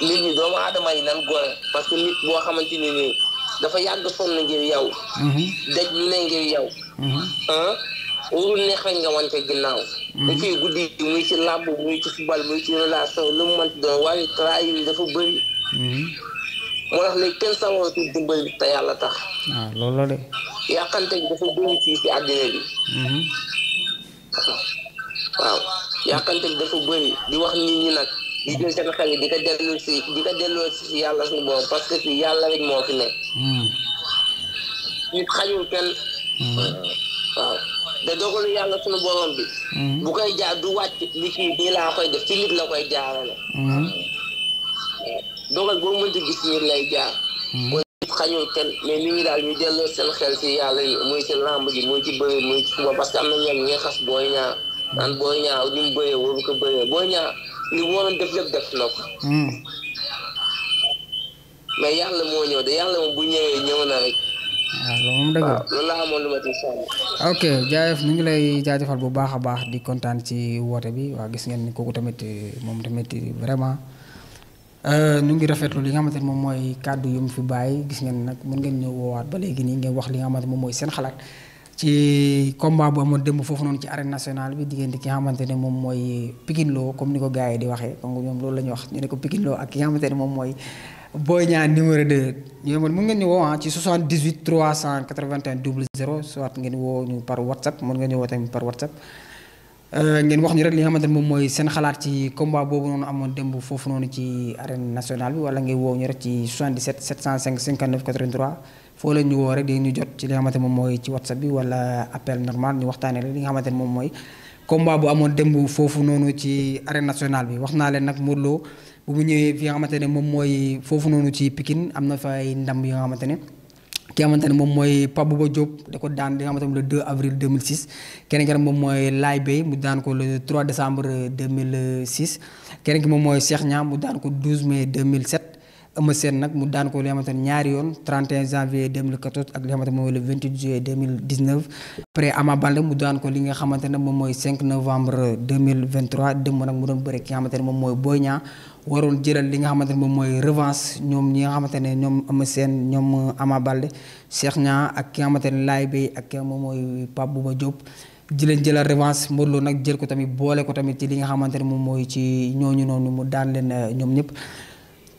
léegi doomu aadama yi nan gore parce que nit boo xamante ni nii dafa yàgg sonn ngir yow. Mhm. daj ñu ne ngir yow. ah mhm. warul neex rek nga ginnaaw. da mhm. ciy guddi muy ci làmb muy ci football muy ci relation lu mu mënti doon waaye dafa bëri. moo tax léegi kenn sangootul dimbali te yàlla tax. Ah, loolu la de. yàqante dafa bëri si àddina bi. bi dafa bëri di wax nit ñi nag. di jël seen xel yi di ko delloo si di ko delloo yàlla suñu bopp parce que fii yàlla rek moo fi ne hmm. nit xañul kenn. Hmm. waaw dogalu yàlla suñu borom bi. Hmm. bu koy jaar du wàcc li kii laa koy def ci nit la koy jaarale. dogal boo mënti gis nit lay jaar. kon nit xañul kenn mais nit daal ñu delloo seen xel si yàlla yi muy si làmb ji muy ci bëri muy ci suba parce que am na ñoom ñi xas booy ñaar naan booy ñaar ni mu bëree waru ko bëree booy ñaar. li mu waroon def lépp def na ko. Hmm. mais yàlla moo ñëw de yàlla moom bu ñëwee ñëw na rek. waaw ah, moom dëgg ok jaajëf ñu ngi lay jaajëfal bu baax a baax di kontaan ci woote bi waa gis ngeen ni kooku tamit moom tamit vraiment. Euh, ñu ngi rafetlu li nga xamante ne moom mooy kàddu yu mu fi bàyyi gis ngeen nag mun ngeen ñëw woowaat ba léegi nii ngeen wax li nga xamante moom mooy seen xalaat. ci combat bu amoon démb foofu noonu ci arène nationale bi diggante ki nga xamante ne moom mooy Pikine comme ni ko gars di waxee donc ñoom loolu la ñu wax ñu ne ko moom mooy Boy Niang numéro 2. ñu ne man mën ngeen ñu woo ah ci 78 381 00 soit ngeen woo par WhatsApp mën ngeen ñu woo tamit par WhatsApp. Euh, ngeen wax ñu rek li nga xamante ne moom mooy seen xalaat ci combat boobu noonu amoon demb foofu noonu ci arène nationale bi wala ngay woo ñu rek ci 77 705 59 83. foo leen ñu woo rek di ñu jot ci li nga xamante moom mooy ci whatsapp bi wala appel normal ñu waxtaanee li nga xamante ne moom mooy combat bu amoon démb foofu noonu ci arène bi wax naa leen nag Modou Lo mu ñëwee fi nga xamante ne moom mooy foofu noonu ci am na fa ay ndam yi nga xamante ne ki nga xamante ne moom mooy Pape Bouba jóg da ko daan li nga xamante ne le 2 avril keneen ki moom mooy Laye Bey mu daan ko le 3 décembre 2006 keneen ki mooy Cheikh Niang daan ko 12 mai 2007 Eumeu Sène nag mu daan ko li xamante ñaari yoon 31 janvier 2014 ak li xamante ne moom le 28 juillet 2019. après Ama Baldé mu daan ko li nga xamante ne moom mooy 5 novembre 2023 démb nag mu doon bëre ki nga xamante ne moom mooy Boy Niang waroon jëlal li nga xamante ne moom mooy revanche ñoom ñi nga xamante ne ñoom Eumeu Sène ñoom Ama Baldé Cheikh Niang ak ki nga xamante ne Bey ak moom mooy Pape bu Diop. jëleen jëlal revanche Modou Lo nag jël ko tamit boole ko tamit ci li nga xamante ne moom mooy ci ñooñu noonu mu daan leen eh, ñoom ñëpp.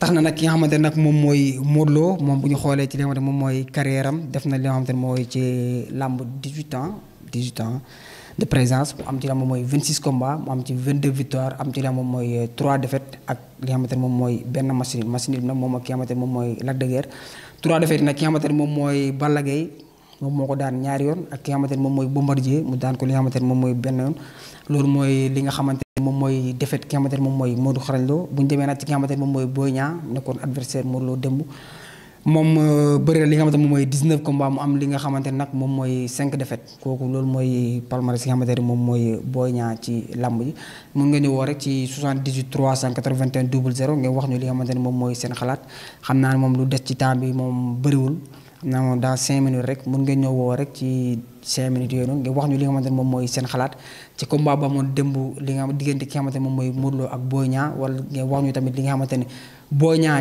tax na nag ki nga xamante nag moom mooy Modou moom bu ñu xoolee ci li nga xamante moom mooy carrière def na li nga xamante ne mooy ci làmb 18 ans 18 ans de présence mu am ci la moom mooy 26 combats mu am am ci la moom mooy 3 euh, défaites ak li xamante ne moom mooy benn machine machine bi moom ak ki xamante ne moom mooy Lac de Guiers 3 défaites nag ki nga xamante ne moom mooy Balla moom moo ko daan ñaari yoon ak ki nga xamante ne moom mooy Bombardier mu daan ko li nga xamante moom mooy benn yoon loolu mooy li moom mooy défaite ki nga xamante ne moom mooy Modou Xarañ Lo moom mooy euh, li nga xamante moom mooy 19 am li nga xamante ne nag moom mooy 5 défaites kooku loolu mooy palmarès yi moom mooy Boy Niang ci làmb ji mun nga ñu woo rek ci 78 381 00 ngeen wax ñu li nga xamante ne moom mooy seen xalaat xam naa ne moom lu des ci temps bi moom bëriwul na moom dans cinq minutes rek mun nga ñëw rek ci cinq minutes yooyu noonu nga wax ñu li nga xamante ne moom mooy seen xalaat ci combat ba moom mooy li nga xamante ne Boy la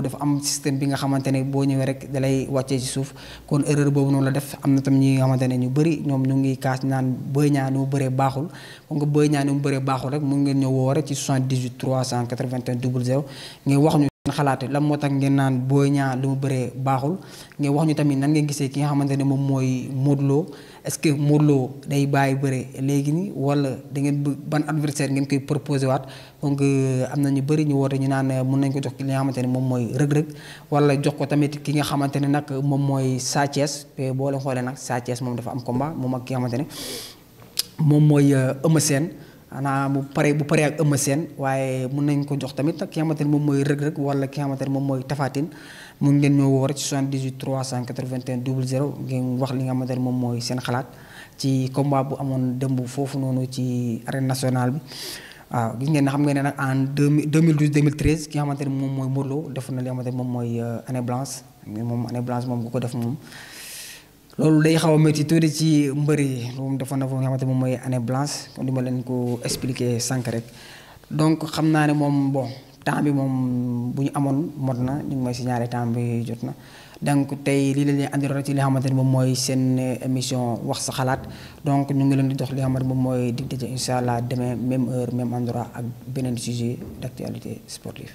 def am système bi nga xamante ne ñëwee rek dalay wàccee ci suuf kon erreur boobu noonu la def am na tam ñu bëri ñoom ñoom ñu ngi kaas naan Boy Niang mu bëree baaxul kon nga ñaan Niang mu bëree baaxul rek mun ngeen ñu woo rek ci 78 381 00 ngeen wax ñu ngeen lan moo tax ngeen naan Boy Niang lu mu bëree baaxul ngeen wax ñu tamit nan nga gisee ki nga xamante ne moom mooy Modou est-ce que Modou Lo day bàyyi bëre léegi nii wala da ngeen ban adversaire ngeen koy proposé waat donc euh, am na ñu bëri ñu woote ñu naan euh, mën nañ ko jox ki nga xamante ne moom mooy rëg-rëg wala jox ko tamit ki nga xamante ne nag moom mooy Sa Thiès boo leen xoolee nag Sa moom dafa am ko combat moom ak ki nga xamante ne moom mooy euh, Eumeu Sène xanaa bu pare bu paree ak Eumeu Sène waaye mun nañ ko jox tamit ki xamante ne moom mooy Reug Reug wala ki xamante ne moom mooy Tapha mu ngeen ñoo woo rek ci 78 381 00 ngeen wax moom mooy seen xalaat ci combat bu amoon démb foofu noonu ci arène nationale bi waaw gis ngeen xam ngeen ne nag en 2012 2013 ki nga xamante ne moom mooy Modou Lo na li xamante ne moom mooy euh, année moom année blanche moom ku ko def moom loolu day xaw a métti tuuti ci mbër yi moom defoon na foofu nga xamante moom mooy année blanche comme ni ma leen ko expliqué sànq rek donc xam naa ne moom bon temps bi moom bu ñu amoon mot na ñu ngi may signalé temps bi jot na. donc tey lii la ñuy andi ci li xamante ne moom mooy seen émission wax sa xalaat donc ñu ngi leen di jox li nga xamante moom mooy dig daje incha allah demain même heure même endroit ak beneen sujet d' actualité sportive.